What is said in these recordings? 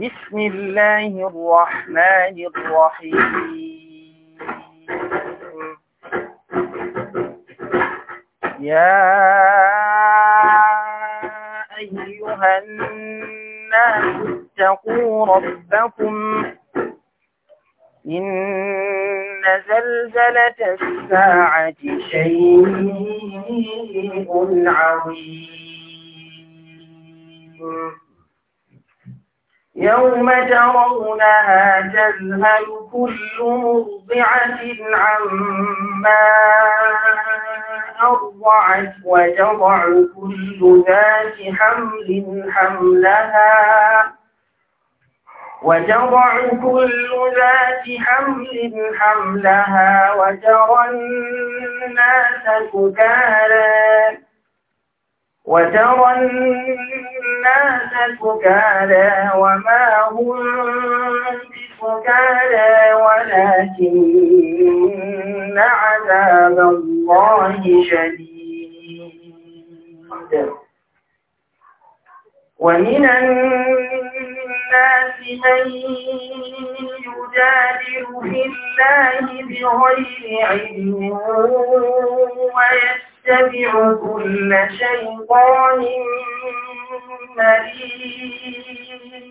بسم الله الرحمن الرحيم يا أيها الناس اتقوا ربكم إن زلزلة الساعة شيء عظيم يوم ترونها تذهل كل مرضعة عما أرضعت وتضع كل ذات حمل حملها وتضع كل ذات حمل حملها وترى الناس سكارى وترى الناس سكارى وما هم بسكارى ولكن عذاب الله شديد ومن الناس من يجادل في الله بغير علم ويسر يتبع كل شيطان مريد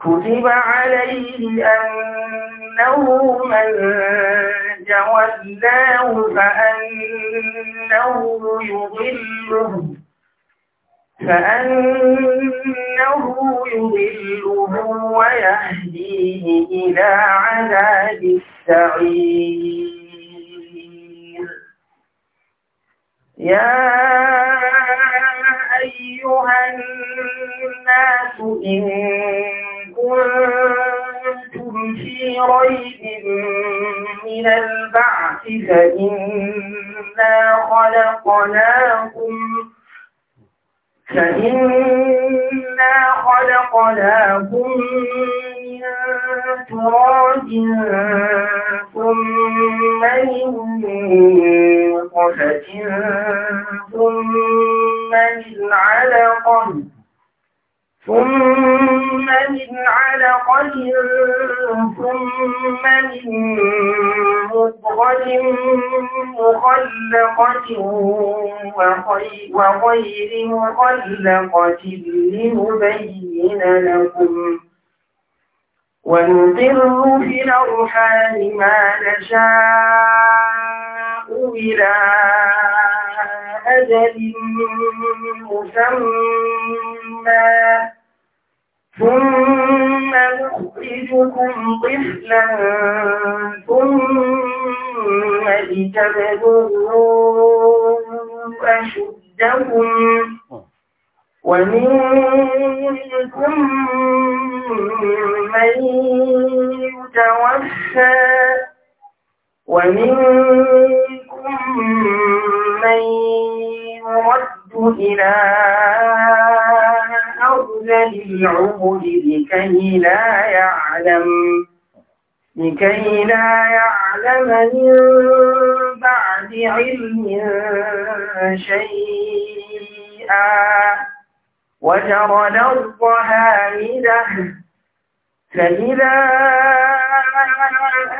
كتب عليه أنه من جولاه فأنه يضله فأنه يضله ويهديه إلى عذاب السعير يا أيها الناس إن كنتم في ريب من البعث فإنا خلقناكم فإنا خلقناكم تراب ثم من نطفة ثم من علقة ثم من علقة ثم من مضغة مخلقة وغير مخلقة لنبين لكم ونقر في الأرحام ما نشاء إلى أجل مسمى ثم نخرجكم طفلا ثم لتبدو أشدكم ومنكم من يتوفى ومنكم من يرد إلى أرض العمر لكي لا يعلم لكي لا يعلم من بعد علم شيئا وترى الأرض هامدة فإذا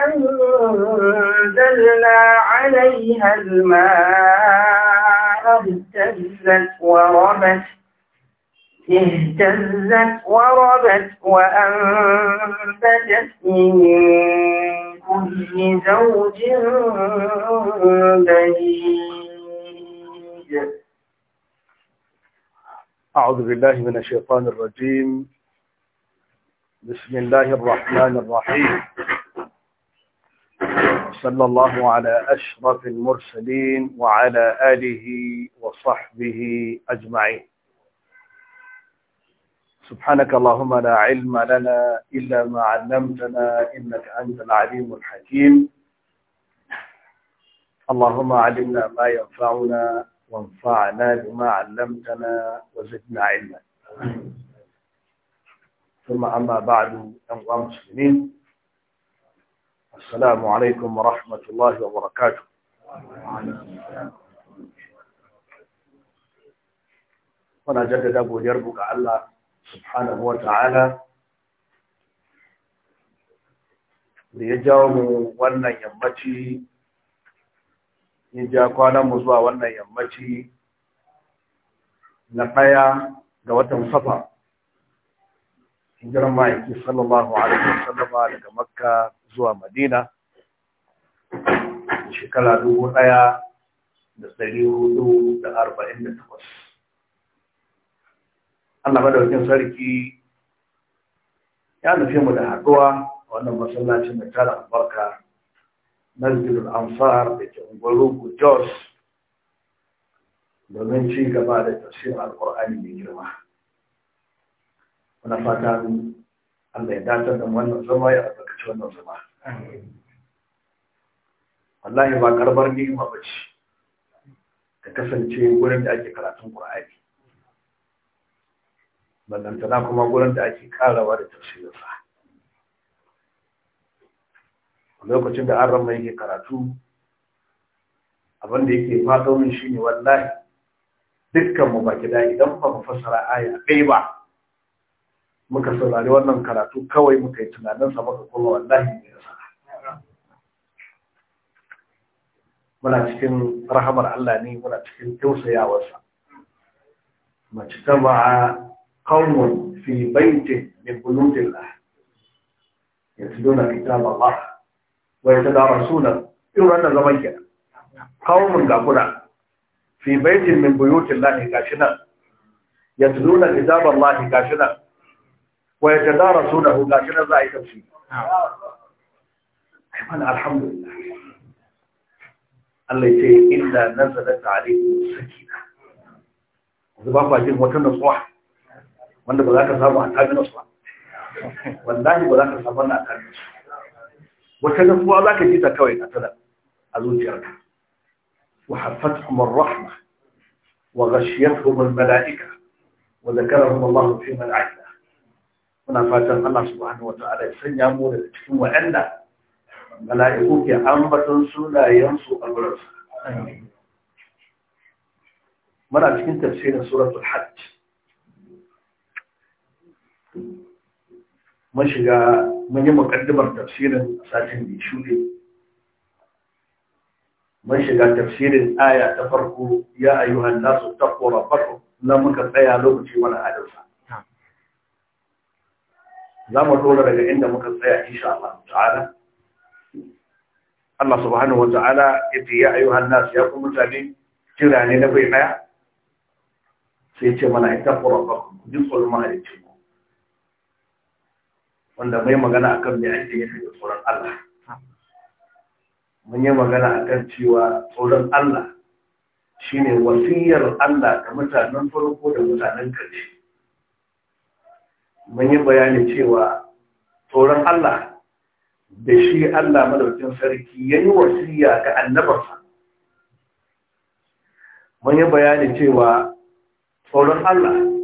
أنزلنا عليها الماء اهتزت وربت اهتزت وربت وأنبتت من كل زوج بهيج أعوذ بالله من الشيطان الرجيم بسم الله الرحمن الرحيم صلى الله على أشرف المرسلين وعلى آله وصحبه أجمعين سبحانك اللهم لا علم لنا إلا ما علمتنا إنك أنت العليم الحكيم اللهم علمنا ما ينفعنا وانفعنا بما علمتنا وزدنا علما ثم أما بعد أنقى المسلمين السلام عليكم ورحمة الله وبركاته وانا جدد أبو جربك الله سبحانه وتعالى ليجاوم وانا يمتي In ja kwanan mu zuwa wannan yammaci na ɗaya ga watan safa hijiran ma'aiki sallallahu alaihi wasallam daga makka zuwa madina shekara dubu ɗaya da ɗari hudu da arba'in da takwas allah madaukin sarki ya nufi mu da haɗuwa wannan masallacin mai tara albarka masjidul ansar da ke unguwar jos domin ci gaba da al alkur'ani mai girma wani fata allah ya datar da wannan zama ya albarkaci wannan zama wallahi ba karbar ni'ima ba ce ka kasance wurin da ake karatun ƙwa'ari ballantana kuma wurin da ake karawa da tafsirinsa lokacin da an ramma yake karatu abin yake faɗo min shine wallahi dukkan mu baki da idan ba mu fassara aya ɗaya ba muka saurari wannan karatu kawai muka yi tunanin sa muka kuma wallahi ne ya muna cikin rahamar Allah ne muna cikin tausayawarsa mace ta ba qaumun fi baitin min ya yasduna kitab Allah wai ta dara suna irin wannan zaman mun kawun kuna fi baitin min buyutin lahi gashi nan yatluna kitaban lahi gashi nan suna yatadarasunahu gashi nan za a yi tafsiri ayman alhamdulillah Allah ya ce inna nazalat alaykum sakina Zuba ba ku wata nutsuwa wanda ba za ka samu a tabi nutsuwa wallahi ba za ka samu na tabi nutsuwa wata gafuwa za ka ji ta kawai a tana a zuciyarka wa hafatkum ar-rahma wa ghashiyatuhum al-mala'ika wa dhakarahum Allah fi man muna fatan Allah subhanahu wata'ala ya sanya mu daga cikin waɗanda mala'iku ke ambaton sunayen su a wurin muna cikin tafsirin suratul hajj mashiga mun yi muƙaddimar tafsirin satin da shuɗe mun shiga tafsirin aya ta farko ya ayyuhan nasu taqwa rabbakum nan muka tsaya lokaci wani adarsa za mu dora daga inda muka tsaya insha Allah ta'ala Allah subhanahu wa ta'ala yace ya ayyuhan nasu ya kuma mutane kira ne na bai daya sai ce mana ita rabbakum ji tsoron mahalicci wanda mai magana akan me ake nufi da tsoron Allah mun yi magana akan cewa tsoron Allah shi ne wasiyar Allah ga mutanen farko da mutanen karshe mun yi bayani cewa tsoron Allah da shi Allah madaukin sarki ya yi wasiya ga annabarsa mun yi bayanin cewa tsoron Allah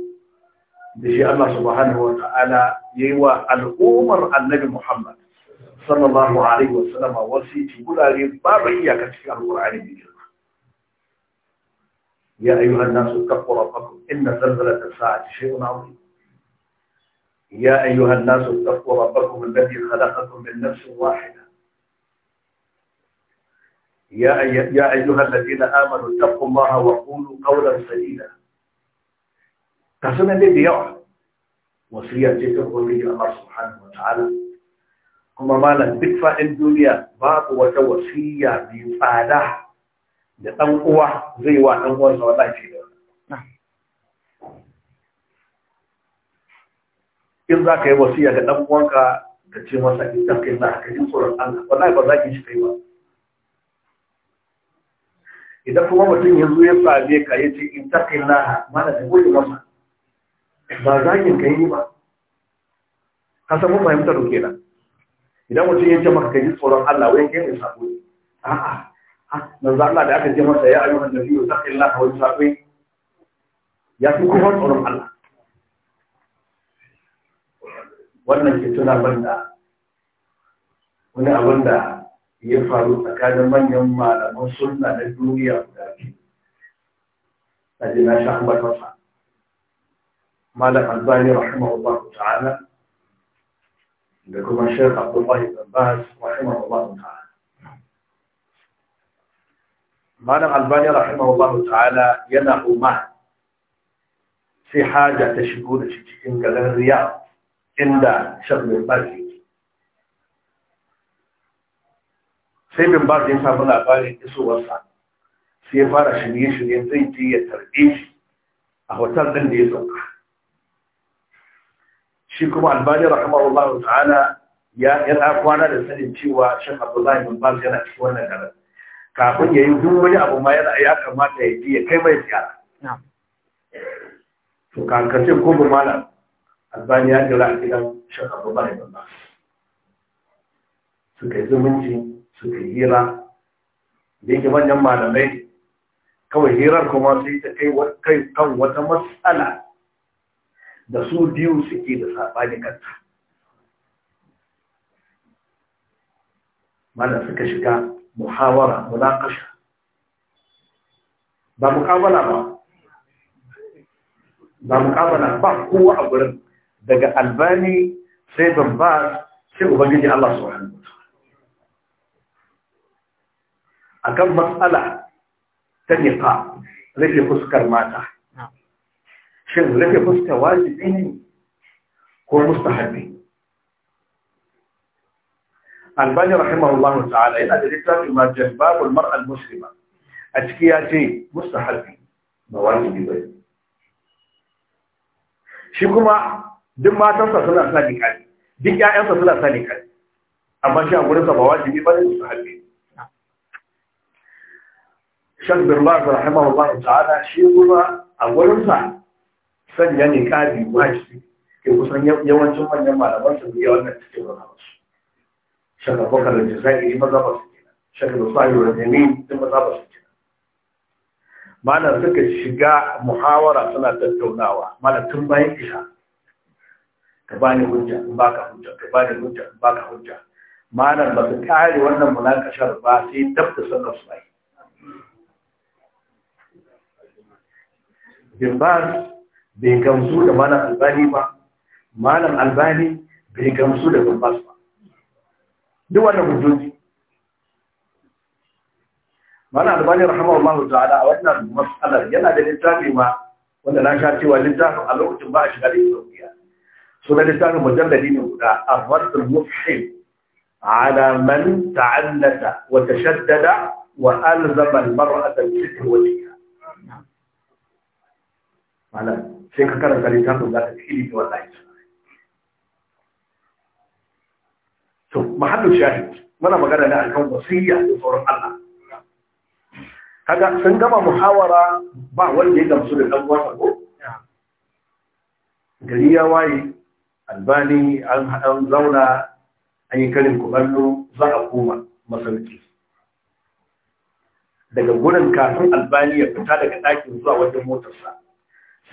da shi Allah subhanahu wa ta'ala yayi wa al'ummar annabi Muhammad sallallahu alaihi wa sallam wasiti gurare babu iyaka cikin alqur'ani mai girma ya ayyuhan nasu taqu rabbakum inna zalzalata sa'ati shay'un 'azim يا أيها الناس اتقوا ربكم الذي خلقكم من نفس واحدة يا, أي... يا أيها الذين آمنوا اتقوا الله وقولوا قولا سديدا ka sunan dai da yawa wasiyya ce ta ubangiji Allah subhanahu wa ta'ala kuma malam duk faɗin duniya babu wata wasiyya mai tsada da ɗan uwa zai wa ɗan uwansa wata ce da in za ka yi wasiyya ga ɗan uwanka ka ce masa in ta kai na ka ji tsoron Allah wallahi ba za ki shi kai ba idan kuma mutum ya zo ya same ka ya ce in kai na mana da gudu masa ba ki kai ni ba ka samu fahimtar roke na idan mutum ya ce maka ka ji tsoron Allah wai kai ne sabo a'a za Allah da aka ce masa ya ayyuhan nabiyyu taqillaha wa sabo ya fi kuma tsoron Allah wannan ke tuna banda wani abin da ya faru tsakanin manyan malaman sunna na duniya guda biyu na je na sha ambata مالك الباني رحمه الله تعالى لكم الشيخ عبد الله بن باز رحمه الله تعالى مالك الباني رحمه الله تعالى ينهو ما في حاجة تشكون لشيء قال الرياض عند شغل الباقي sai من بعض ينسى من labarin isowarsa sai ya فارش shirye-shiryen zai je ya tarbe shi shi kuma albani rahimahullahu ta'ala ya yana kwana da sanin cewa shan abdullahi bin bas yana cikin wannan garin kafin ya yi duk wani abu ma yana ya kamata ya ji ya kai mai ziyara to kankacin ko malam albani ya jira a gidan shin abdullahi bin bas suka yi zumunci suka yi hira da yake manyan malamai kawai hirar kuma sai ta kai kan wata matsala da su biyu suke da saɓani kanta mana suka shiga muhawara munakasha ba mukabala ba ba mukabala ba kowa a gurin daga albani sai babba sai ubangiji Allah su hannu a kan matsala ta niƙa rufe fuskar mata كانوا لك بست واجبين هو مستحبين الباني رحمه الله تعالى إذا دلت ما جنباب المرأة المسلمة أتكياتي مستحبين مواجب بيه شكما دم ما الله أسلامي كان دك يا أنتصل أسلامي كان أما شاء أقول إذا مواجب بيه مستحبين شكبر الله رحمه الله تعالى شكما أقول إذا sanya ne kabi wajibi ke kusan yawancin manyan malaman su biya wannan cikin wani wasu shaka bakar da jisai maza ba su kina. shaka da sa yau da ne din maza ba su kenan malam suka shiga muhawara suna tattaunawa malam tun bayan isha ka bani hujja in ba ka hujja ka bani hujja in ba ka hujja malam ba su kare wannan munakashar ba sai dab da sun kasu bai Bin bai gamsu da malam albani ba malam albani bai gamsu da gumbas ba duk wannan hujjoji malam albani rahimahullahu ta'ala a wannan matsalar yana da littafi ma wanda na sha cewa littafin a lokacin ba a shiga da sauƙiya sunan littafin mujalladi ne guda arwatul mufhim على من تعنت وتشدد وألزم المرأة الفكر وجهها malam sai ka karanta littafin za ka fili da wallahi to mahallu shahid muna magana ne akan wasiyya da tsoron Allah kaga sun gama muhawara ba wanda ya gamsu da dan wasa ko gari ya waye albani an hadan zauna an yi karin kumallo za a koma masauki. daga gurin kafin albani ya fita daga ɗakin zuwa wajen motarsa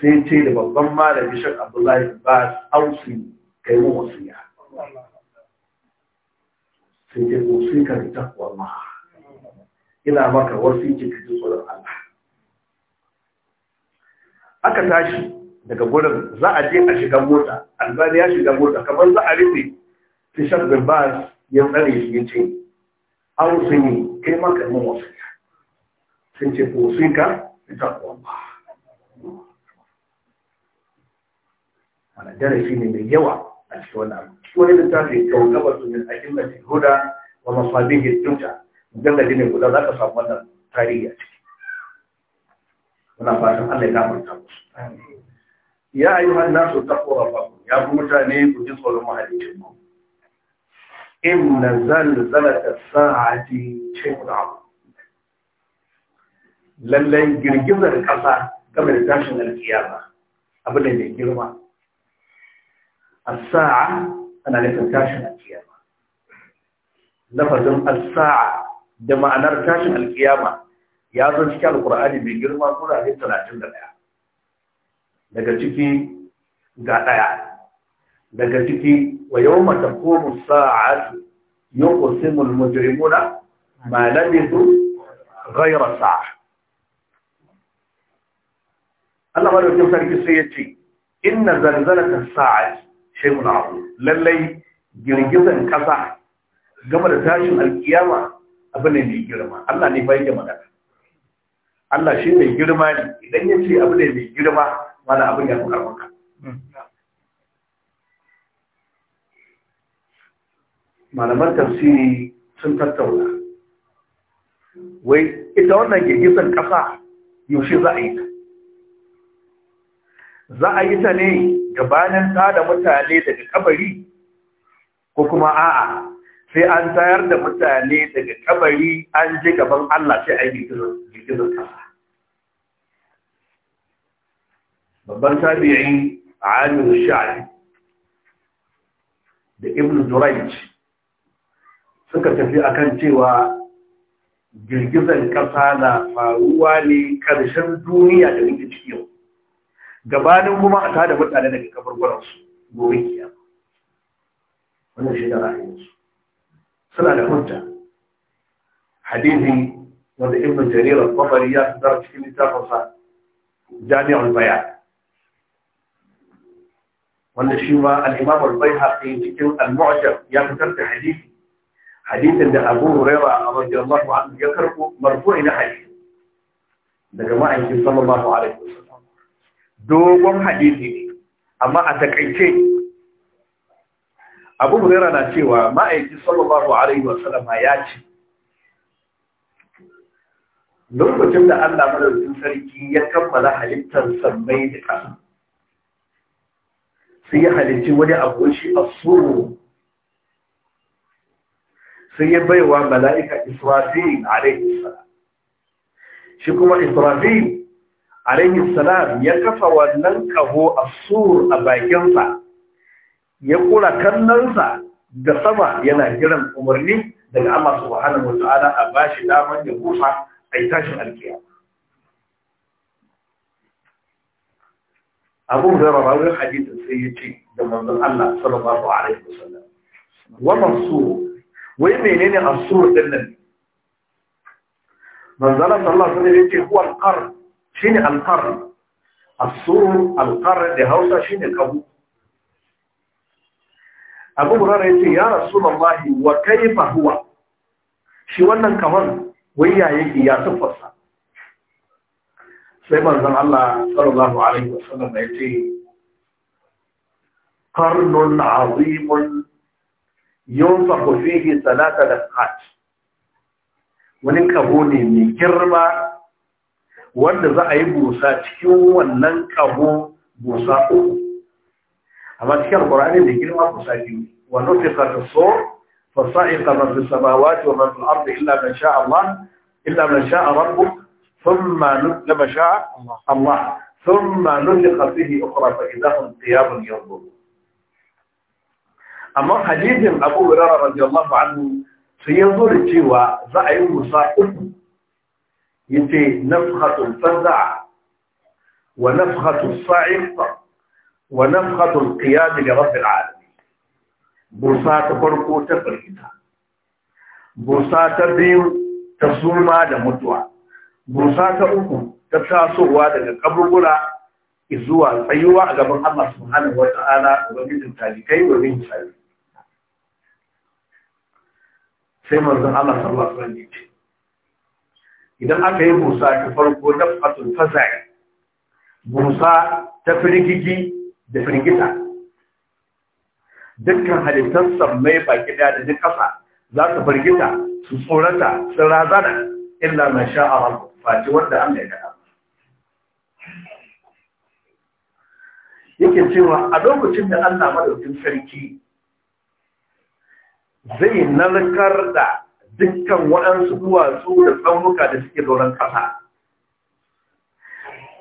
sai ce da babban malami shan abdullahi ba kai ka yi ya, sai ce wasi ka rita kuwa ma ina maka wasu ki ji tsoron Allah aka tashi daga gurin za a je a shiga mota albani ya shiga mota kamar za a rufe ta shan bas ya tsare shi ya ce ne kai maka yi ya, sai ce wasi ka rita kuwa ma wani darasi ne mai yawa a cikin wani abu? wannan wani littafi kaukabar su min ajimmatin huda wa masabihin duta mujalladi ne guda za ka samu wannan tarihi a ciki muna fatan Allah ya ta musu ya ayyuhan nasu ba ku ya fi mutane ku ji tsoron mahalicin ku inna zalzalata sa'ati shay'un abu lallai girgizar ƙasa game da tashin alkiyama abin da ne girma as-sa'a ana nufin tashin alkiyama lafazin as-sa'a da ma'anar tashin alkiyama ya zo cikin alkur'ani mai girma kurare 31 daga ciki ga ɗaya, daga ciki wa yawma taqumu as-sa'atu yuqsimu al-mujrimuna ma labithu ghayra sa'a Allah madaukakin sarki sai ya ce inna zalzalata as-sa'ati na abu lallai girgizan kasa game da tashin alkiyama abu ne mai girma Allah ne bai da magana Allah shi mai girma ne idan ya ce abu ne mai girma mana abin ya fi karfanka malaman tafsiri sun tattauna wai ita wannan girgizan ƙasa yaushe za a yi ta za a yi ta ne gabanin tada mutane daga kabari ko kuma a'a sai an tayar da mutane daga kabari an ji gaban Allah sai a yi girgizar kasa babban tabi'in Aminu sha'ari da ibn durayj suka tafi akan cewa girgizan kasa na faruwa ne ƙarshen duniya da muke ciki yau gabanin kuma a tada mutane daga kabarwaransu gobe kiyama wannan shi da ra'ayinsu suna da hujja hadisi wanda ibn jarir al-bukhari ya fitar cikin littafin sa jami'ul bayan wanda shi ma al-imam al bayhaqi cikin al-mu'jam ya fitar da hadisi hadisin da Abu Hurairah radiyallahu anhu ya karbo marfu'i na hadisi daga ma'aikin sallallahu alaihi wasallam dogon hadisi ne amma a takaice abu hurera na cewa ma'aiki sallallahu alaihi wasallama ya ce lokacin da Allah madaukakin sarki ya kammala halittar sammai da ƙasa sai ya halicci wani abu shi asuru sai ya baiwa mala'ika Israfil alaihi salam shi kuma Israfil alaihi salam ya kafa wannan kaho a sur a bakinsa ya kura sa da sama yana jiran umarni daga Allah subhanahu wa ta'ala a bashi daman ya gufa a tashin alkiya abu da rabawar hadithin sai ya ce da manzon Allah sallallahu alaihi wasallam wannan sur wai menene asur din nan manzon Allah sallallahu alaihi wasallam ya ce huwa al shine alqarr asur alqarr da Hausa shine kabu Abu Hurairah yace ya Rasulullahi wa kayfa huwa shi wannan kaman ya yake ya tafasa sai manzon Allah sallallahu alaihi wasallam yace qarnun azimun yunfaqu fihi salata dafqat wani kabo ne mai girma wanda za a yi busa cikin wannan kabo busa uku amma cikin alƙur'ani da girma busa biyu wa nufiqa fi sur fa sa'iqa man fi samawati wa man fil ardi illa man sha Allah illa man sha rabbuk thumma nufiqa sha Allah thumma nufiqa fihi ثم نفق فيه أخرى فإذا هم قيام ينظرون أما حديث أبو هريرة رضي cewa za a yi busa uku yace nafhatul faz'a wa nafhatul sa'iq wa nafhatul qiyam li rabbil alamin busa ta farko ta firgita busa ta biyu ta suma da mutuwa busa ta uku ta tasowa daga kaburbura izuwa tsayuwa a gaban Allah subhanahu wa ubangijin talikai wa bin sai manzon Allah sallallahu alaihi wasallam idan aka yi musa ta farko na fatul fasai musa ta firgigi da firgita dukkan halittar mai baki daya da duk ƙasa za su firgita su tsorata su razana illa mai sha'awar faci wanda an da ya yake cewa a lokacin da Allah madaukin sarki zai narkar da dukkan waɗansu duwatsu da tsaunuka da suke doron ƙasa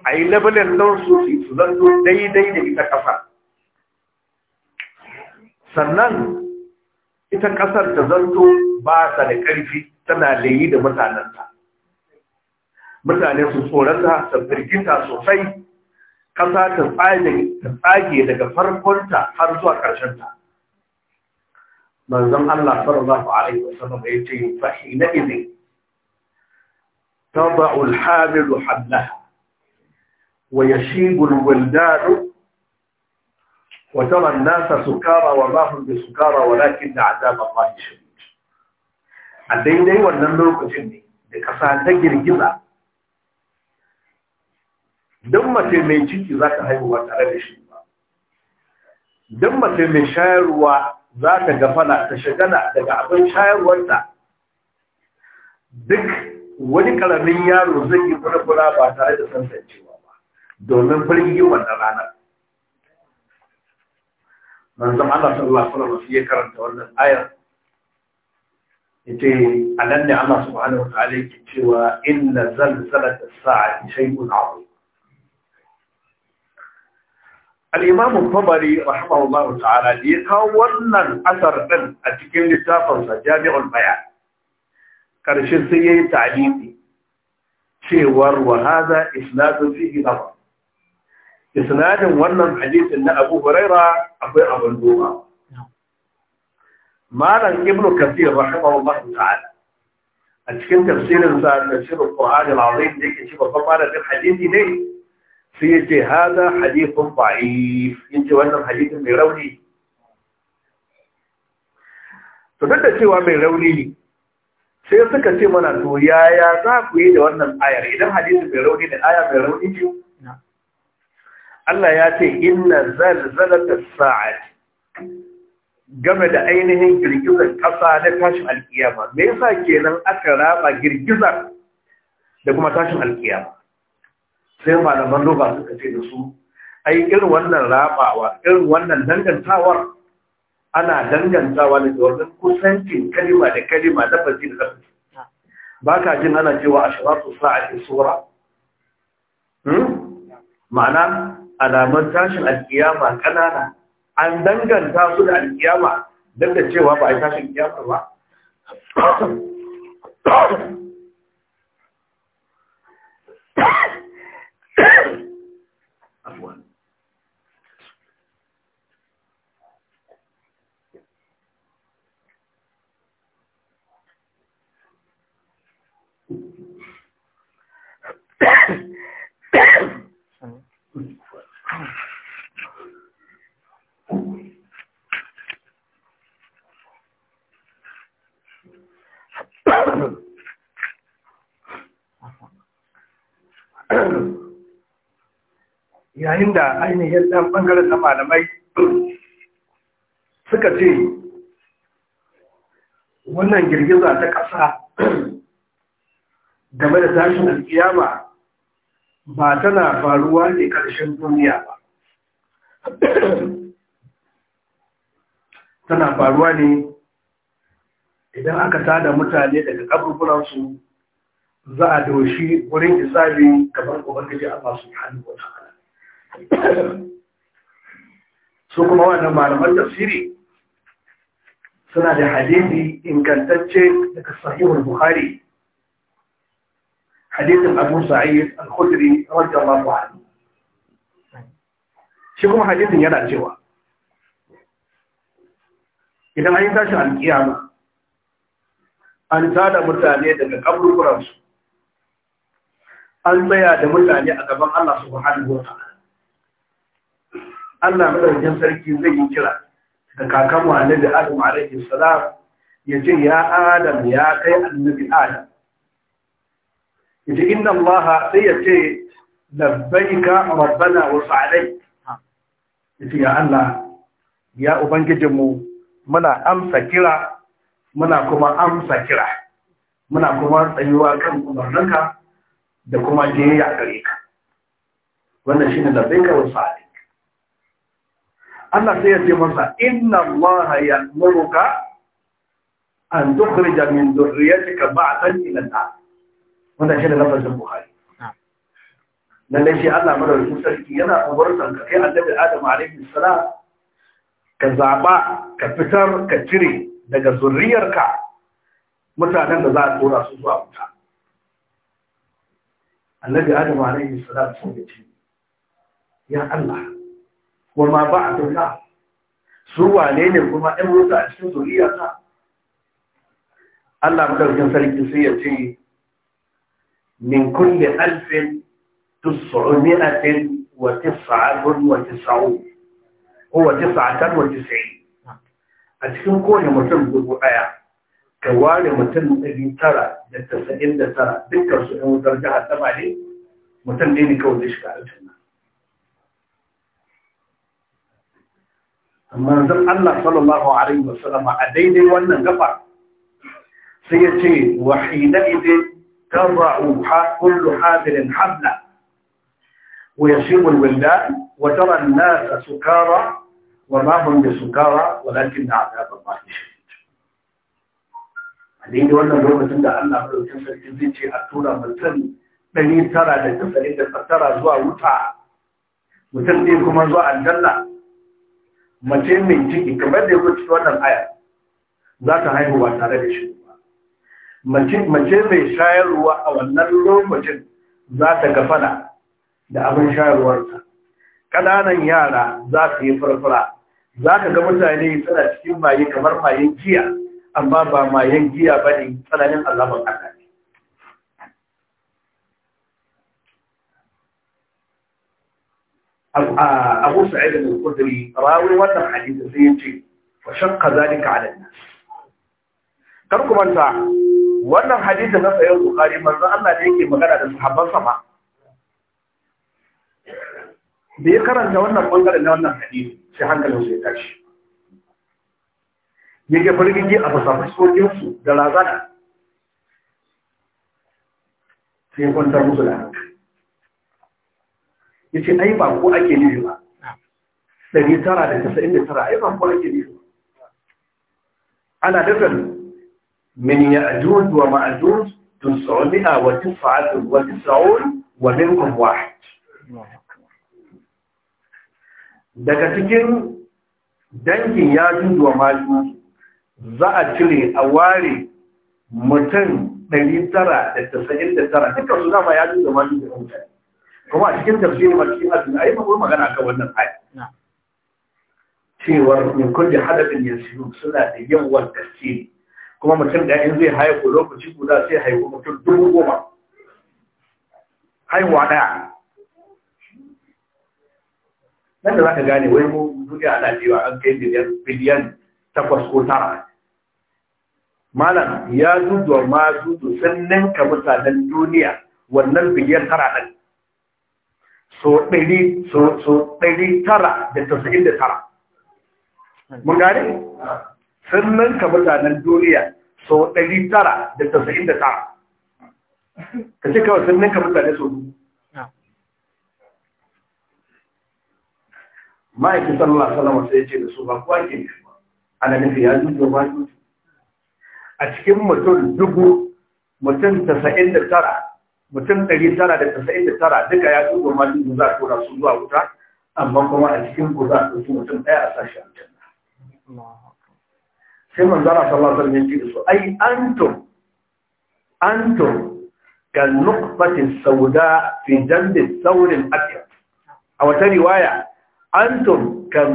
a yi labalin lausu su zanto daidai da ita ƙasa sannan ita ƙasar ta zanto ba ta da ƙarfi tana layi da mutanenta mutane su tsoronta ta firgita sosai ƙasa ta tsage daga farkonta har zuwa ƙarshenta manzon Allah sallallahu alaihi wasallam ya ce fa ina idi taba al hamil hadlaha wa yashib al waldad wa tara an nas sukara wa lahum bi sukara walakin adab Allah shadid addai dai wannan lokacin ne da kasa ta girgiza duk mace mai ciki zaka haihuwa tare da shi ba dan mace mai shayarwa za ta gafana ta shagana daga abin shayarwarta duk wani karamin yaro zai yi fura ba tare da santancewa ba domin firgi wannan ranar manzon Allah sallallahu alaihi wasu ya karanta wannan ayar yace nan ne Allah subhanahu wa ta'ala yake cewa inna zalzalat as-sa'a shay'un 'azim الإمام الطبري رحمه الله تعالى يقولنا الأثر من التكين لتافر جامع البيان كرشن سيئي تعليمي سيور وهذا إسناد فيه نظر إسناد ورنا الحديث أن أبو هريرة أبو أبو الدوغة مالا ابن كثير رحمه الله تعالى التكين تفسير الإنسان تفسير القرآن العظيم ديك يشوف الحديث ليه sai ya ce haza hadithun ba'if ya ce wannan hadithun mai rauni to duk da cewa mai rauni ne sai suka ce mana to yaya za ku yi da wannan ayar idan hadithun mai rauni da aya mai rauni ce Allah ya ce inna zalzalata sa'at game da ainihin girgizar ƙasa na tashin alkiyama me yasa kenan aka raba girgizar da kuma tashin alkiyama sai malaman roba suka ce da su ai irin wannan rabawa irin wannan dangantawar ana dangantawa ne da kusancin kalima da kalima da fasi da fasi ba ka jin ana cewa a shiratu sa'ati sura hmm? ma'ana alamar tashin alkiyama kanana an danganta su da alkiyama don da cewa ba a yi tashin alkiyama ba yayin da ainihin ɗan ɓangaren na malamai suka ce wannan girgiza ta ƙasa game da tashin alƙiyama ba tana faruwa ne ƙarshen duniya ba tana faruwa ne idan aka tada mutane daga kaburburansu za a doshi wurin isabi kamar a masu hannu wata hana su kuma wannan malaman tafsiri suna da hadisi ingantacce daga sahihul Buhari? hadisin abu sa'id al-khudri radiyallahu anhu shi kuma hadisin yana cewa idan an yi tashin alkiyama an tada mutane daga kaburburansu an tsaya da mutane a gaban Allah subhanahu wa ta'ala Allah madaukakin sarki zai yi kira da kakan annabi Adam alaihi salam ya ce ya Adam ya kai annabi Adam yace inna allaha sai ya labbaika rabbana wa fa'alai yace ya allah ya ubangijinmu muna amsa kira muna kuma amsa kira muna kuma tsayuwa kan umarnanka, da kuma jiyayya gare ka wannan shine labbaika wa fa'alai Allah sai ya ce masa inna allaha ya'muruka an tukhrija min dhurriyyatika ba'tan ila an-nar wanda shi da lafazin buhari lallai shi allah madaukin sarki yana umarsan ka kai annabi adam alaihi salam ka zaɓa ka fitar ka cire daga zurriyarka mutanen da za a tura su zuwa wuta annabi adam alaihi salam sun ce ya allah ba a ba'dullah su wane ne kuma ɗan wuta a cikin zuriyarka Allah madaukin sarki sai ya ce من كل ألف تسعمائة وتسعة وتسعون هو تسعة وتسعين أتكلم كل متن بالبقايا كوال متن الذي ترى للتسعين ده ترى ذكر سؤال درجة تبع لي متن لين كون ليش قال أما نزل الله صلى الله عليه وسلم عدين وانا قفر سيأتي وحينئذ تضع كل حامل حملا ويصيب الولدان وترى الناس سكارى وما هم بسكارى ولكن عذاب الله شديد alini wannan lokacin da Allah ɗaukin sarki zai ce a tura mutum ɗari tara da tasa'in da tattara zuwa wuta mutum kuma zuwa aljanna mace mai ciki kamar da ya wuce wannan aya za ta haihu ba tare da shi mace mai shayarwa a wannan lokacin za ta gafana da abin shayarwarta ƙananan yara za su yi farfara za ka ga mutane suna cikin maye kamar mayen giya amma ba mayen giya ba ne tsananin alamar ƙasa ne abu sa'id da kudri rawar wannan hadisi sai ya ce wa shakka zalika ala kar ku manta wannan hadisi na sayyid bukari manzo Allah ne yake magana da sahabban sa ma da ya karanta wannan bangare na wannan hadisi sai hankalin su ya tashi yake firgigi a fasafin sojinsu da razana sai kwantar musu da haka ya ce ai ba ko ake nufi ba Dari tara da da tara ai ba ko ake nufi ba ana dafin من يأجوج ومأجوج تسعمائة وتسعة وتسعون ومنكم واحد daga cikin dangin ya wa maju za a cire a ware mutum 999 dukkan su zama ya jujuwa maju da mutane kuma a cikin tafsirin a a yi mafi magana kan wannan ayi cewar min kulli hadafin yasiru suna da yawan tasiri kuma mutum da in zai haihu lokaci guda sai haihu mutum dubu goma haihuwa ɗaya nan da za ka gane wai mu duniya a cewa an kai biliyan takwas ko tara malam ya zuzuwa ma zuzu sannan ka mutanen duniya wannan biliyan tara ɗin so ɗari so ɗari tara da tasirin da tara mun gane Sannan ka mutanen duniya sau ɗari tara da tasa'in da tara ka ce kawai sannan ka mutane sau dubu ma'aikin sallallahu alaihi sai ce da su ba kuwa ke ba ana nufi ya zuwa ba a cikin mutum dubu mutum tasa'in da tara mutum ɗari tara da tasa'in da tara duka ya zuwa ma su za a tura su zuwa wuta amma kuma a cikin ku za a ɗauki mutum ɗaya a sashen a sai manzara sallallahu alaihi wasallam ya ce su ai antum antum kan nuqbatin sauda fi jambi thawrin atyab a wata riwaya antum kal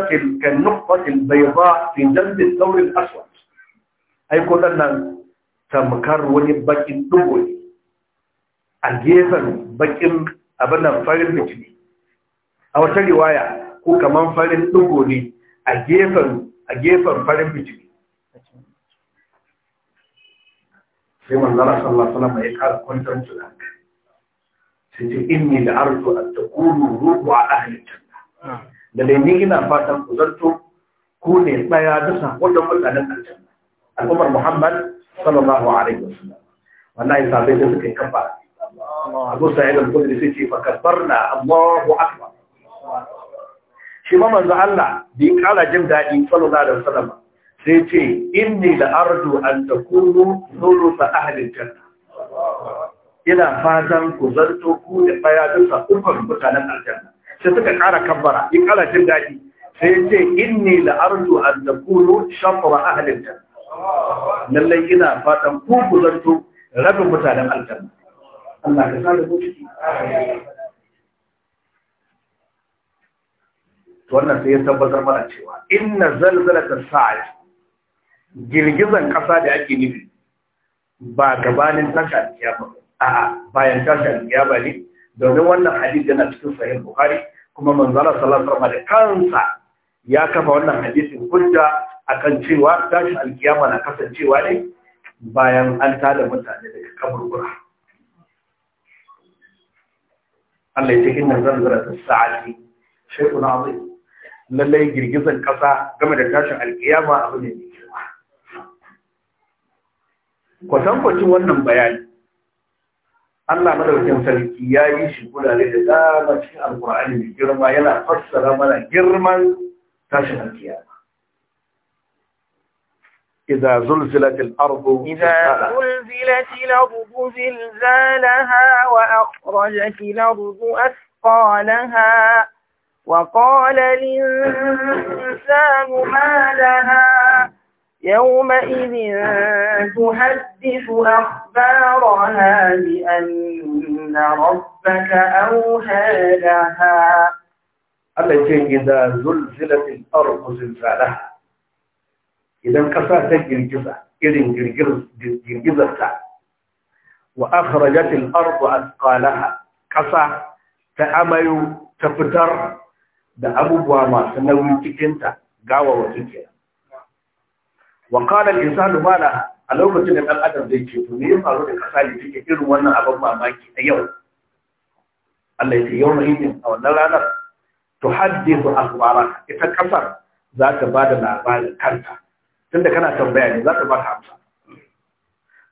kan kal nuqtatil bayda fi jambi thawrin aswad ai ko nan tamkar wani bakin dubo ne a gefen bakin abinan farin bikini a wata riwaya ko kaman farin dubo ne a gefen a gefen farin bijimi sai manzara sallallahu alaihi ya kara kwantar tunan sai ce inni da arzu a takunu ruhu a ahalin janna da dai ni ina fatan ku zarto ku ne tsaya da sakon mutanen aljanna al'ummar muhammad sallallahu alaihi wasallam wallahi sabai da suka yi kafa abu sa'id al-khudri sai ce fa kabbarna allahu akbar shi ma manzo Allah bi kala jin daɗi sallallahu alaihi wasallam sai ce inni la arju an takunu nuru fa ahli janna ina fatan ku zarto ku da baya duka ukun mutanen aljanna sai suka kara kabbara bi kala jin daɗi sai ce inni la arju an takunu shatra ahli janna lallai ina fatan ku ku zarto rabin mutanen aljanna Allah ka sa da mu ciki wannan sai ya tabbatar mana cewa inna zalzalatas sa'a girgizan ƙasa da ake nufi ba gabanin tashi alkiyama a'a bayan tashi alkiyama ne domin wannan hadith yana cikin sahih bukhari kuma manzala sallallahu alaihi da kansa ya kafa wannan hadisin hujja akan cewa tashi alkiyama na kasancewa ne bayan an tada mutane daga kaburbura Allah ya cikin nan zanzara ta sa'ati shaykhun azim lallai girgizan kasa game da tashin alkiyama abu ne mai girma kwatankwacin wannan bayani Allah madaukakin sarki ya yi shi gudare da dama cikin alkur'ani mai girma yana fassara mana girman tashin alkiyama إذا زلزلت الأرض إذا زلزلت الأرض زلزالها وأخرجت الأرض أثقالها وقال الإنسان ما لها يومئذ تحدث أخبارها بأن ربك أوهى لها التي إذا زلزلت الأرض زلزالها إذا كسا تجرجزة إذن جرجزة وأخرجت الأرض أثقالها كسا تأمل تفتر da abubuwa masu nauyi cikinta gawa wa cikin wa qala insanu a lokacin da dan adam zai ce to me ya faru da kasa ne take irin wannan abin mamaki a yau Allah ya ce yau mai yin a wannan ranar to haddithu akhbara ita kasar za ta ba da labarin kanta tunda kana tambaya ne za ta baka amsa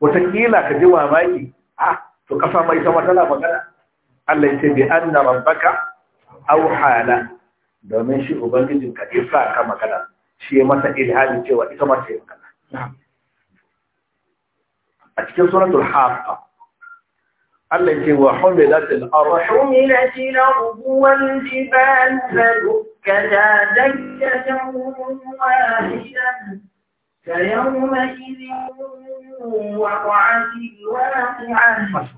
wataƙila ka ji mamaki ah to kasa mai sama tana magana Allah ya ce bi anna rabbaka aw hala domin shi ubangijin ka isa ka magana shi ya masa ilhami cewa ita ma ta magana a cikin suratul hafa Allah ce wa humilat al-ardu humilat al-ardu wal jibal fadukkata dakkatan wahidan فيومئذ وقعت الواقعة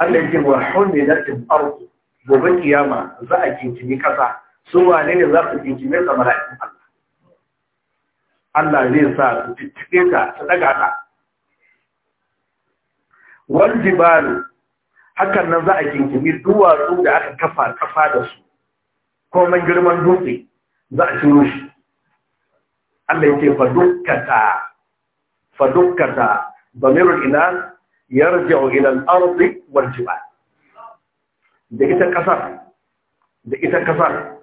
Allah ya wa humilat al-ardu gobe kiyama za a kinkini kasa Sun wane ne za su jinjime ka mala'ikun Allah Allah zai sa su cikin ka su daga ka wal jibalu hakan nan za a jinjimi duwatsu da aka kafa kafa da su ko man girman dutse za a shiru shi Allah yake fa dukkata fa dukkata damirul ilan yarji'u ilan arzik ardi wal jibal da ita kasar da ita kasar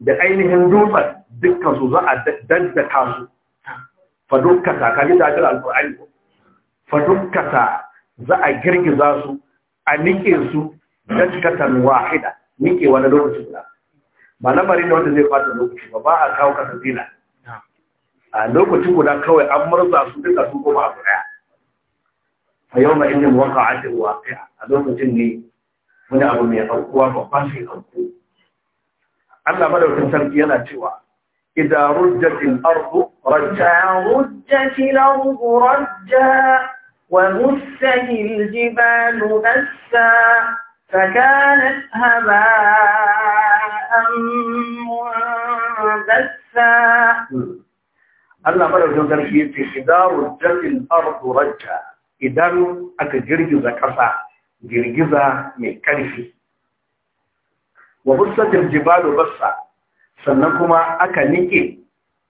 da ainihin dutsen dukkan su za a daddaka su fadukkata ka ji tajir alƙur'ani fadukkata za a girgiza su a nike su daddakatan wahida nike wani lokaci guda ba na Bari da wanda zai fata lokaci ba ba a kawo kasa zina a lokacin guda kawai an murza su duka su kuma a guda a yau ma inda waka a a lokacin ne wani abu mai aukuwa babban sai aukuwa Allah madaukin sarki yana cewa idza rujjatil ardu rajja rujjatil ardu rajja wa musatil jibalu assa فكانت هباء منبثا Allah madaukin sarki yace idan rujjatil ardu rajja idan aka girgiza kasa girgiza mai karfi wa bussatil jibalu bassa sannan kuma aka nike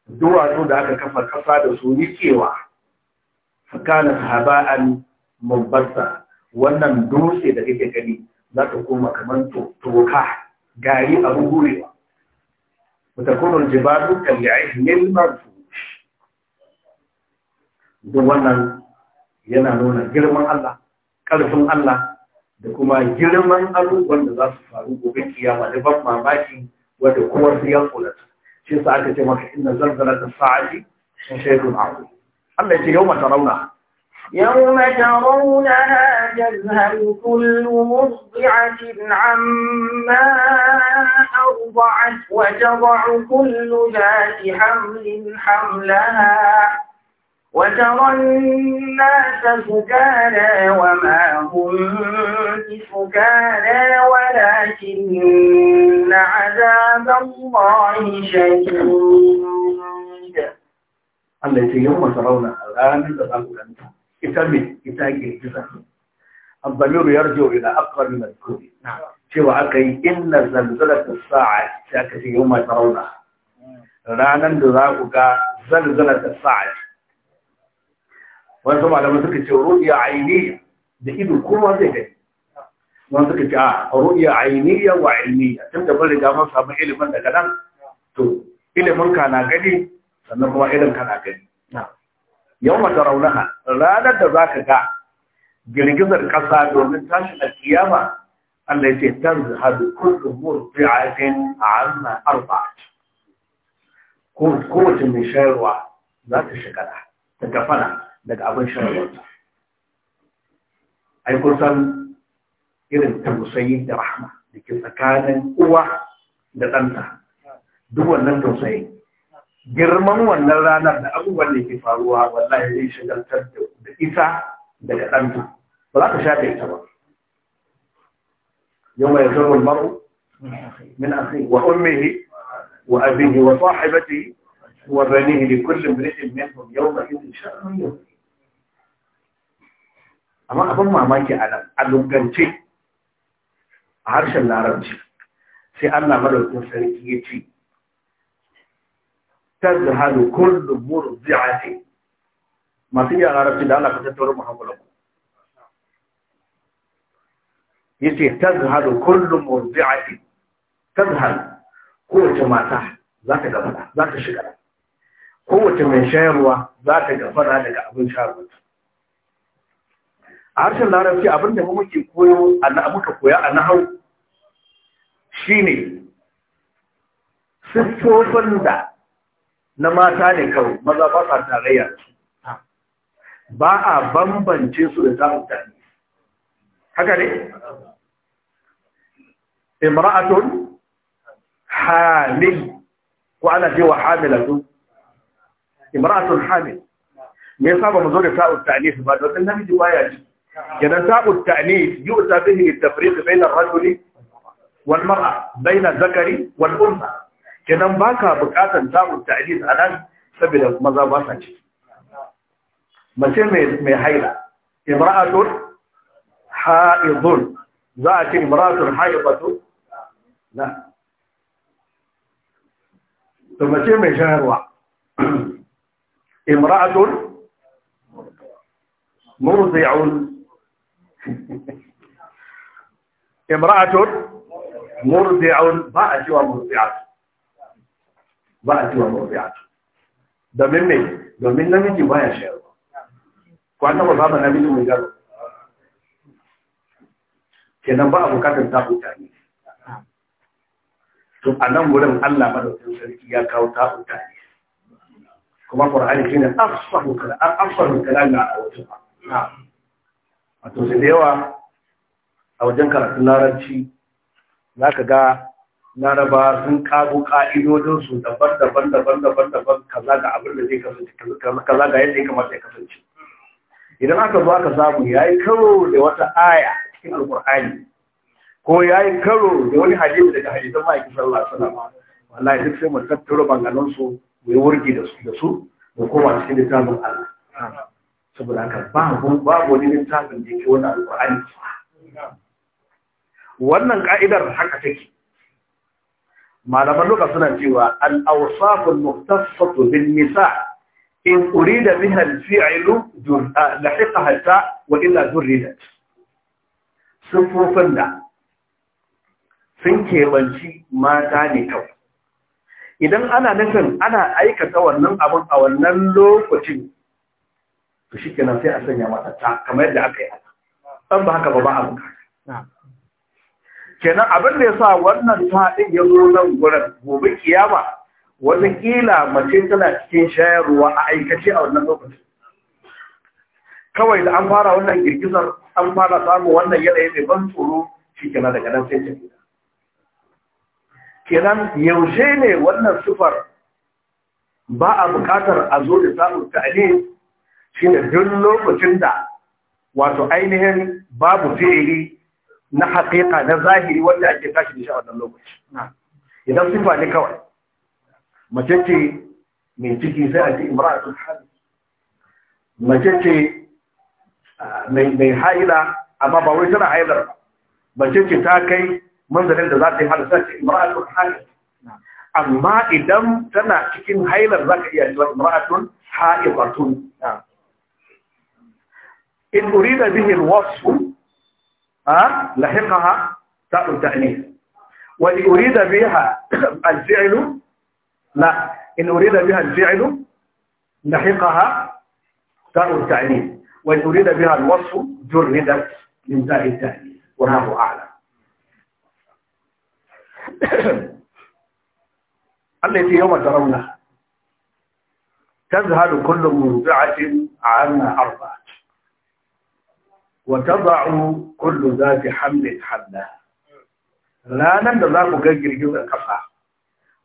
duwatsu da aka kafa kafa da su nikewa fakana sahaba'an mubassa wannan dutse da kake gani za ta koma kamar toka gari a rugurewa وتكون الجبال كالعهن المنفوش دون wannan yana nuna girman Allah ƙarfin Allah da kuma girman abubuwan da za su faru gobe kiyama da ban mamaki wadda kuma su ya kulata shi sa aka ce maka inna zalzala ta sa'adi sun shaidun abu Allah ce yau mata rauna يوم ترونها تذهل كل مرضعة عما أرضعت وتضع كل ذات حمل حملها وترى الناس سكانا وما هم بسكانا ولكن عذاب الله شديد الله يوم ترون الآن تتعلم كتاب كتاب كتاب الضمير يرجع إلى أقل مذكور سوى نعم. أقل إن زلزلة الساعة ساكت يوم ترونها رانا ذاك زلزلة الساعة wasu malamai suka ce ru'ya ainiya da ido kuma zai gani wani suka ce a ru'ya ainiya wa Ainiya tun da bari riga mun samu ilimin daga nan to ilimin ka na gani sannan kuma ilimin ka na gani yau mata raunaha ranar da za ka ga girgizar ƙasa domin tashin a kiyama Allah ya ce tan zahadu kullu murfi'atin amma arba'at kowace mai shayarwa za ta shigara ta gafana daga abin shayarwarta ai kusan irin tausayi da rahama da ke tsakanin uwa da ɗanta duk wannan tausayi girman wannan ranar da abubuwan da ke faruwa wallahi zai shigaltar da ita daga ɗanta ba za ka sha da ita ba yau mai zarwar maru min akhi wa ummihi wa abihi wa sahibatihi wa banihi li kulli imri'in minhum yawma idhin sha'an yawma amma abin mamaki a nan a lugance a harshen larabci sai allah madaukin sarki ya ce tazharu kullu ce. masu iya larabci da allah ka tattaura muhammadu yace tazharu kullu murdi'ati tazhar kowace mata za ta gabata za ta shiga kowace mai shayarwa za ta gabata daga abin shayarwa harshen larabci abinda mu muke koyo muka koya a nahau shine siffofin da na mata ne kawai maza ba sa tarayya ba a bambance su da zamu tani haka ne imra'atun hamil ko ana je cewa hamilatu imra'atun hamil me yasa ba mu zo da ta'ud ta'nif ba da don namiji baya ji kenan sa'u ta'nis yu'ta bihi at-tafriq bayna ar-rajuli wal mar'a bayna zakari wal unsa kenan baka bukatan sa'u ta'nis anan saboda maza ba sa ci mace mai mai haila imra'atun ha'idun za a ce imra'atun haibatu la to mace mai shayarwa imra'atun murdi'un imra'atun murdi'un ba a cewa murdi'atu ba a cewa murdi'atu domin me domin namiji baya shayarwa an ba ba namiji mai gado kenan ba a bukatar ta ne to a nan wurin Allah madaukakin sarki ya kawo ta ne kuma Qur'ani shine afsahu an afsahu kalam na a wajen a tosi da yawa a wajen karatun larabci za ka ga laraba sun kago ka'idodinsu daban-daban daban-daban daban kaza ga abin da zai kasance kaza ga yadda ya kamata ya kasance idan aka zo aka samu ya yi karo da wata aya cikin alkur'ani ko ya yi karo da wani hadisi daga hadisan ma'aikin sallah sallama wallahi duk sai mu tattaro banganansu mu yi wurgi da su da su mu koma cikin littafin Allah saboda haka babu wani littafin da yake wani alƙur'ani wannan ka'idar haka take malaman luka suna cewa al-awsaful muhtassatu bil nisa in urida biha al-fi'lu ah, lahiqaha ta wa illa zurridat sufufin da sun kebanci mata ne kawai idan ana nufin ana aikata wannan abin a wannan lokacin to shi kenan sai a sanya mata ta kamar yadda aka yi a ɗan ba haka ba ba a bukata kenan abin da ya sa wannan ta ɗin ya zo nan gurin gobe kiyama wataƙila mace tana cikin shayarwa a aikace a wannan lokacin kawai da an fara wannan girgizar an fara samun wannan yanayi mai ban tsoro shi kenan daga nan sai tafi kenan yaushe ne wannan sufar ba a buƙatar a zo da samun ta'alim shine duk lokacin da wato ainihin babu fi'ili na haƙiƙa na zahiri wanda ake tashi da shi a wannan lokaci idan sifa ne kawai mace ce mai ciki sai a ce imra'atul hamil mace ce mai haila amma ba wai tana hailar ba mace ce ta kai manzanin da za ta yi sai halisa ce imra'atul hamil amma idan tana cikin hailar za ka iya cewa imra'atul ha'ibatun إن أريد به الوصف لحقها تاء التأنيث وإن أريد بها الفعل لا إن أريد بها الفعل لحقها تاء التأنيث وإن أريد بها الوصف جردت من تاء التأنيث والله أعلم التي يوم ترونها تذهل كل منزعة عما أربعة wa tada'u kullu zati hamlin ranar da za ku ga girgizar kasa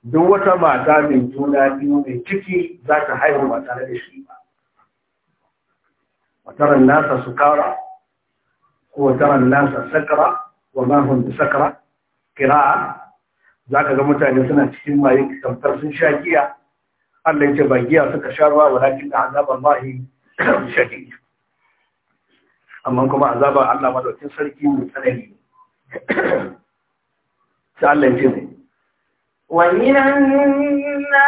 duk wata mata mai juna biyu mai ciki za ta haihu ba tare da shi ba wataran nasa sukara ko wataran nasa sakara wa mahun da sakara kira'a za ka ga mutane suna cikin maye tamtar sun sha giya Allah ya ce ba giya suka sha ruwa walakin da azabar mahi shadid amma kuma azabar Allah madaukin sarki mai tsanani sai Allah ya ce ومن الناس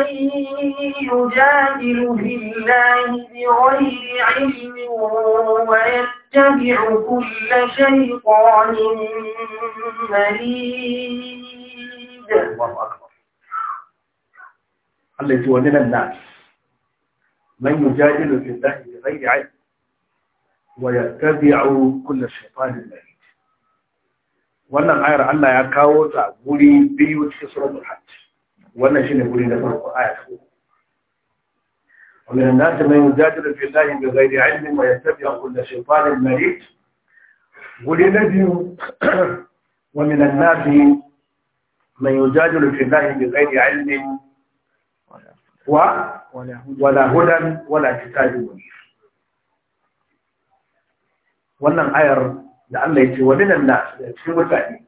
من يجادل في الله بغير علم ويتبع كل شيطان مريد الله أكبر الذي ومن الناس من يجادل في الله بغير علم ويتبعوا كل شيطان مريد wannan ayar Allah ya kawo ta guri biyu cikin suratul hajj wannan shine guri na farko aya ta ومن الناس من يجادل في الله بغير علم ويتبع كل شيطان مريد guri نبي ومن الناس من يجادل في الله بغير علم ولا هدى ولا كتاب منير wannan ayar da Allah ya ce wa minan nas da cikin mutane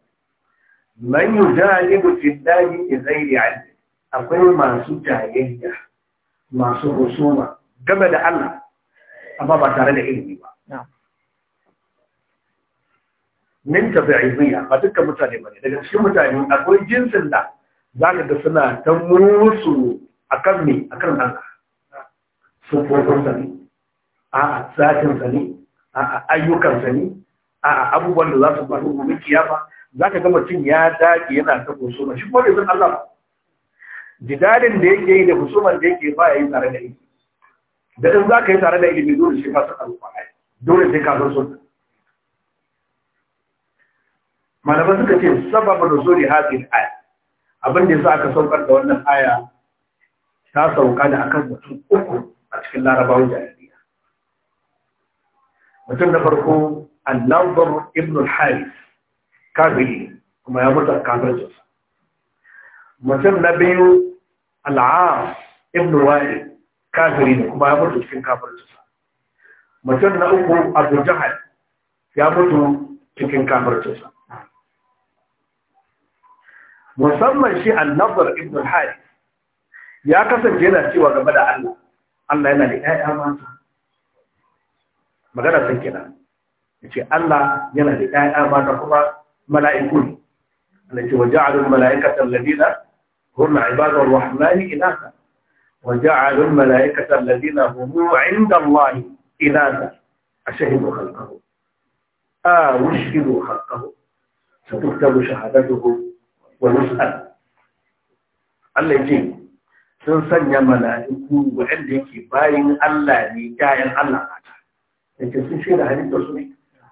man yujahidu fi dadi bi ghairi ilmi akwai masu jayayya masu husuma game da Allah amma ba tare da ilimi ba min tabi'iyya ba dukkan mutane ne. daga cikin mutane akwai jinsin da zaka ga suna ta musu akan ne akan Allah sufofin sa sani. a zatin sani. a ayyukan sani a abubuwan da za su faru gobe kiyama za ka gama cin ya dage yana ta husuma shi kuma bai san Allah ba jidalin da yake yi da husuman da yake ba ya yi tare da ilimi da in za ka yi tare da ilimi dole sai ka san alƙur'ani dole sai ka san sunna malaman suka ce sababa da zuri da aya abin da yasa aka saukar da wannan aya ta sauka da akan mutum uku a cikin larabawan jami'a. mutum na farko annabar ibn al-haris kafiri kuma ya mutu a kafirci mutum na biyu al'as ibn wa'il kafiri ne kuma ya mutu cikin kafirci mutum na uku abu jihar ya mutu cikin kafirci musamman shi al-nazar ibn al-haris ya kasance yana cewa gaba da Allah Allah yana da ƴaƴa mata magana sun kina yace Allah yana da ƴaƴa mata kuma mala'iku ne Allah ce waja'alul mala'ikata alladina hum ibadur rahmani inatha waja'alul mala'ikata alladina hum 'inda Allah inatha ashhadu khalqahu a ah, su khalqahu satuktabu shahadatuhu wa nus'al Allah ce sun sanya mala'iku wa'anda yake bayan Allah ne kayan Allah mata yake sun da halittar su ne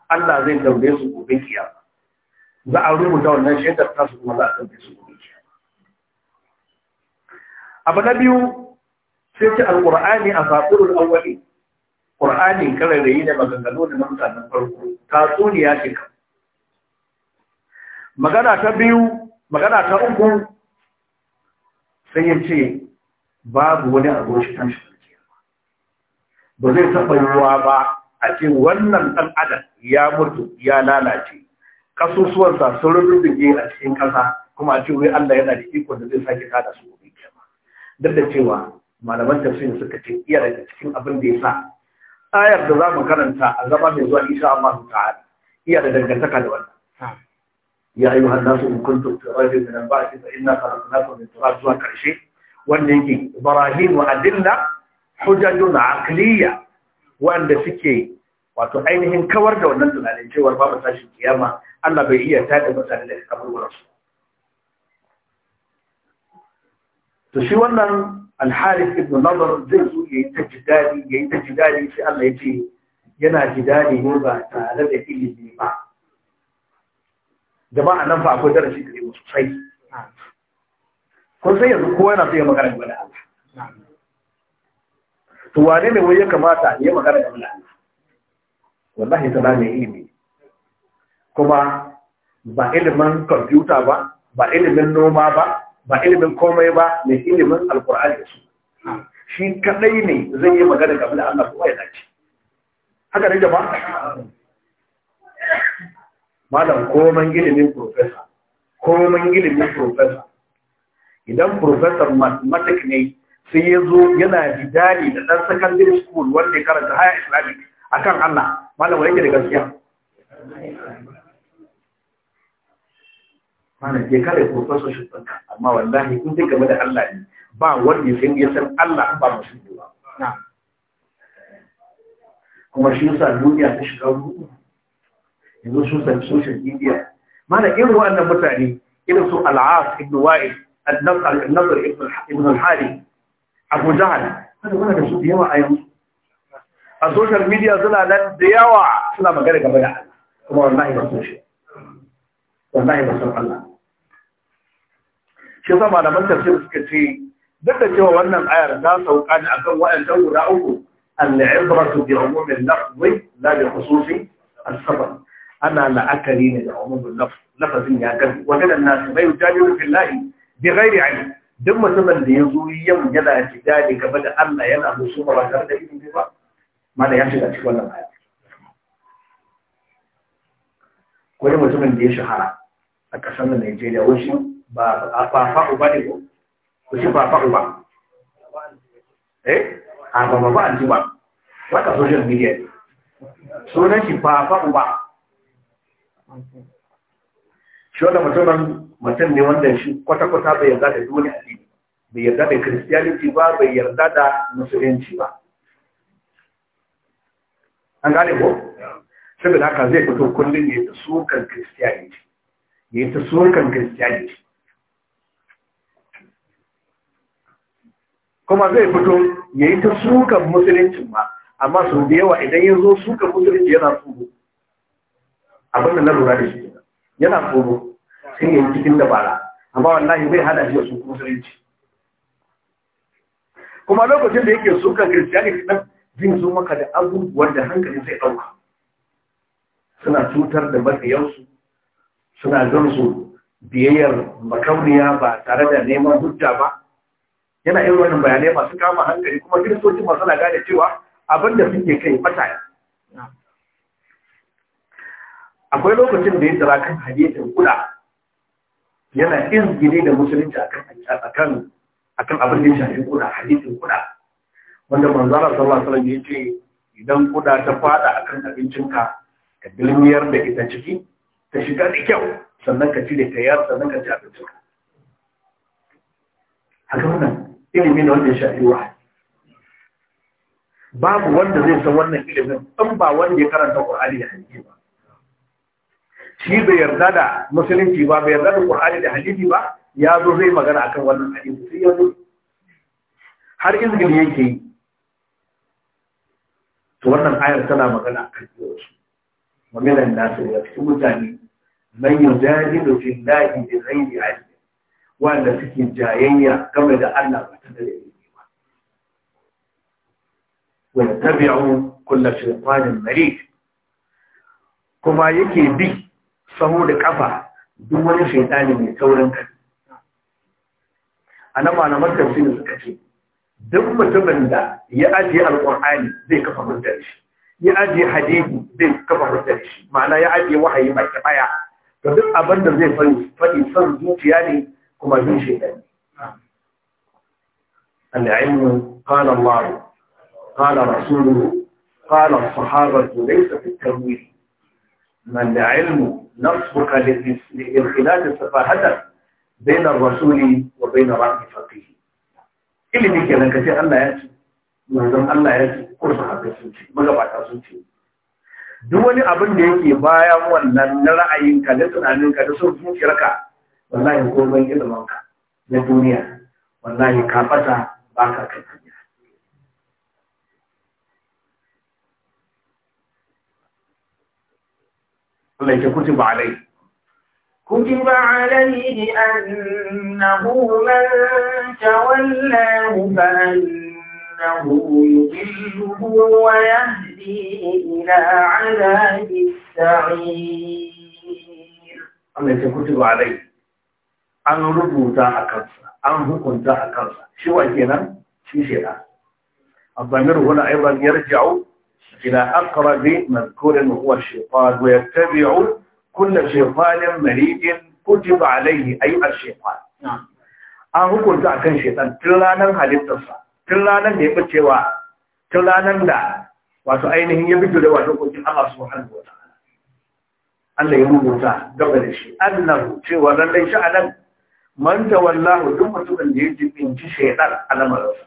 Allah zai tambaye su gobe kiya za a da wannan shaidar tasu kuma za a tambaye su gobe kiya abu na biyu sai ce alqur'ani a fasirul awwali qur'ani kararrayi da maganganu da mutanen farko tatsuniya ce kan magana ta biyu magana ta uku sai ya ce babu wani abu shi kan shi ba zai taɓa yiwuwa ba a ce wannan ɗan adam ya mutu ya lalace kasusuwansa sun ne a cikin ƙasa kuma a ce wai Allah yana da iko da zai sake kada su gobe kiyama duk da cewa malaman tafsir suka ce iya daga cikin abin da ya sa ayar da za mu karanta a zama mai zuwa insha Allah ta'ala iya da dangantaka da wannan ya ayyuhan nasu in ta tu'minu min al-ba'thi fa inna khalaqnakum da turab zuwa karshe wanda yake ibrahim wa adilla na aqliya wanda suke wato ainihin kawar da wannan tunanin cewar babu tashin kiyama Allah bai iya tada mutane daga kaburburansu to shi wannan alharis ibn nadar zai zo yayi ta jidali yayi ta jidali sai Allah ya ce yana jidali ne ba tare da ilimi ba jama'a nan fa akwai darasi da yawa sosai kun sai yanzu kowa yana so ya magana game da Allah to wane ne wai ya kamata ya magana game da Allah wallahi ta mai ilimi kuma ba ilimin kwamfuta ba ba ilimin noma ba ba ilimin komai ba mai ilimin Alkur'an da su shi kadai ne zai yi magana kafin da Allah kuma ya dace haka ne jama'a malam koman ilimin profesa koman ilimin profesa idan profesa matematik ne sai ya zo yana jidali da ɗan secondary school wanda ya karanta haya islamic akan Allah malam yake da gaskiya malam je kare professorship tsanka, amma wallahi in dai game da Allah ne ba wanda ya san ya san Allah ba mu musulmi ba na kuma shi yasa duniya ta shiga ruɗu yanzu sun san social media mana irin wannan mutane irin su al'as ibn wa'il al nadr ibn al-hari abu jahl kada wani da su yawa a yanzu a social media suna nan da yawa suna magana game da Allah kuma wallahi ba su shi wallahi ba su Allah shi sa malaman tafsir suka ce duk da cewa wannan ayar ta sauka ne akan waɗannan guda uku al-ibratu bi umumil lafzi la bi khususi as-sabab ana la'akari ne da umumul lafz lafazin ya gani wa kana nasu bai yujabiru billahi bi ghairi ilm duk mutumin da ya zo yin yana jidali game da Allah yana musu ba tare da ilimi ba mata ya shiga cikin wannan hali. ko da mutumin da ya shahara a ƙasar da Najeriya wasu ba a fafa uba ne ko wasu ba fa uba eh a ba ba an ji ba waka social media sunan shi ba uba shi wannan mutumin mutum ne wanda shi kwata-kwata bai yarda da duniya bai yarda da christianity ba bai yarda da musulunci ba an gane ko saboda haka zai fito kullum ya yi ta sukan kristiyaniti ya yi ta sukan kristiyaniti kuma zai fito ya yi ta sukan musuluncin ma amma sau da yawa idan ya zo sukan musulunci yana tsoro abinda na lura da shi yana tsoro sai ya yi cikin dabara amma wallahi bai hada shi da su musulunci kuma lokacin da yake sukan kristiyaniti zai zo maka da abubuwan da hankali zai ɗauka suna cutar da matsayarsu suna su biyayyar makauniya ba tare da neman hujja ba yana yin wannan bayanai masu kama hankali kuma kiristoci masu na gane cewa abin da suke kai mataya akwai lokacin da ya tsara kan hadisin kula yana izgine da musulunci akan abin da ya shafi kula hadisin kuda wanda manzara sallallahu alaihi wasallam ce idan kuda ta fada akan abincinka ka dilmiyar da ita ciki ta shiga da kyau sannan ka cire ta yar sannan ka ci abincinka haka wannan ilimi ne wanda ya shafi Ba babu wanda zai san wannan ilimin in ba wanda ya karanta Qur'ani da hadisi ba shi bai yarda da musulunci ba bai yarda da Qur'ani da hadisi ba ya zo zai magana akan wannan hadisi sai ya zo har izgil yake yi to wannan ayar tana magana a kan su yawanci da nasu ya fi mutane man yujadilu fi da zai yi ajiye wanda suke jayayya game da Allah ba ta da ilimi ba wa tabi'u kulla shaytanin mari kuma yake bi saho da kafa duk wani shaitani mai taurin A na malaman tafsiri suka ce duk mutumin da ya ajiye alƙur'ani zai kafa hujja da shi ya ajiye hadisi zai kafa hujja da shi ma'ana ya ajiye wahayi baki baya to duk abin da zai fari fadi son zuciya ne kuma yin shi ne al-ilmu qala Allah qala rasuluhu qala as-sahabatu laysa fi at-tawil man al-ilmu nasbuka li-inkhilal safahatan bayna ar-rasuli wa bayna ra'yi faqih ilimi ke nan kace Allah ya ce manzon Allah ya ce kursa haka sun ce magabata sun ce duk wani abin da yake bayan wannan na ka da tunaninka da son zuciyarka wallahi ilimin ka na duniya wallahi ka fata ba ka kai hanya Allah ya kuce ba alai كتب عليه أنه من تولاه فأنه يضله ويهديه إلى عذاب السعير أما كتب عليه أن تاع أكرسا أن تاع أكرسا شو أجينا؟ شو شيئا الضمير هنا أيضا يرجع إلى أقرب مذكور وهو الشيطان ويتبع kulla shefanin maridin kutuba alaihi ayyukan shefan an hukunta a kan shetan tun ranar halittarsa tun ranar da ya bacewa tun ranar da wato ainihin ya fito da wato kokin Allah su hana wata Allah ya rubuta gaba da shi annahu cewa lallai nan, man wallahu, duk mutumin da ya ji shaitan a lamarinsa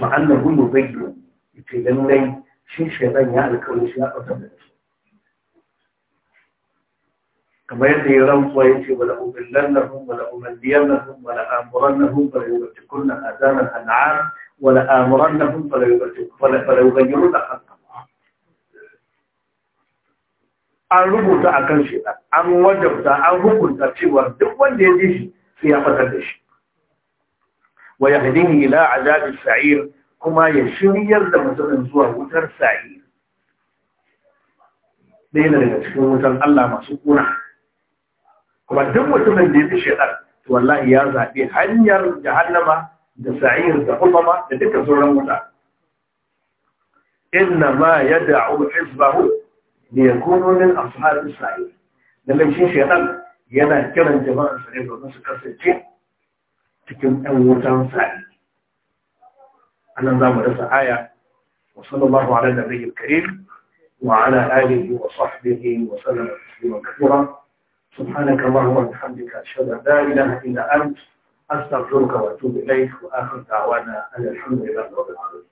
fa annahu mubayyin ita dai, shi shaitan ya alƙawari shi ya ɗauka da shi كما يدي رمز ويمشي ولأضلنهم ولأمنينهم ولآمرنهم فليبتكن آذان الأنعام ولآمرنهم فليغيرن خلق الله an rubuta a kan shi an wajabta an hukunta cewa duk wanda ya ji shi sai ya fatar da shi wa yahdihi ila azabi sa'ir kuma ya shiryar da mutumin zuwa wutar sa'ir ɗaya daga cikin wutan Allah masu kuna kuma duk mutumin da ya fi shaitan to wallahi ya zaɓi hanyar jahannama da sa'ir da usama da duka sauran wuta inna ma yad'u hizbahu li yakunu min ashabi sa'ir da shi shaitan yana kiran jama'a sa ne domin su kasance cikin ɗan wutan sa'ir anan za mu rasa aya wa sallallahu alaihi wa sallam wa ala alihi wa sahbihi wa sallam taslima kathira سبحانك اللهم وبحمدك أشهد أن لا إله إلا أنت أستغفرك وأتوب إليك وآخر دعوانا أن الحمد لله رب العالمين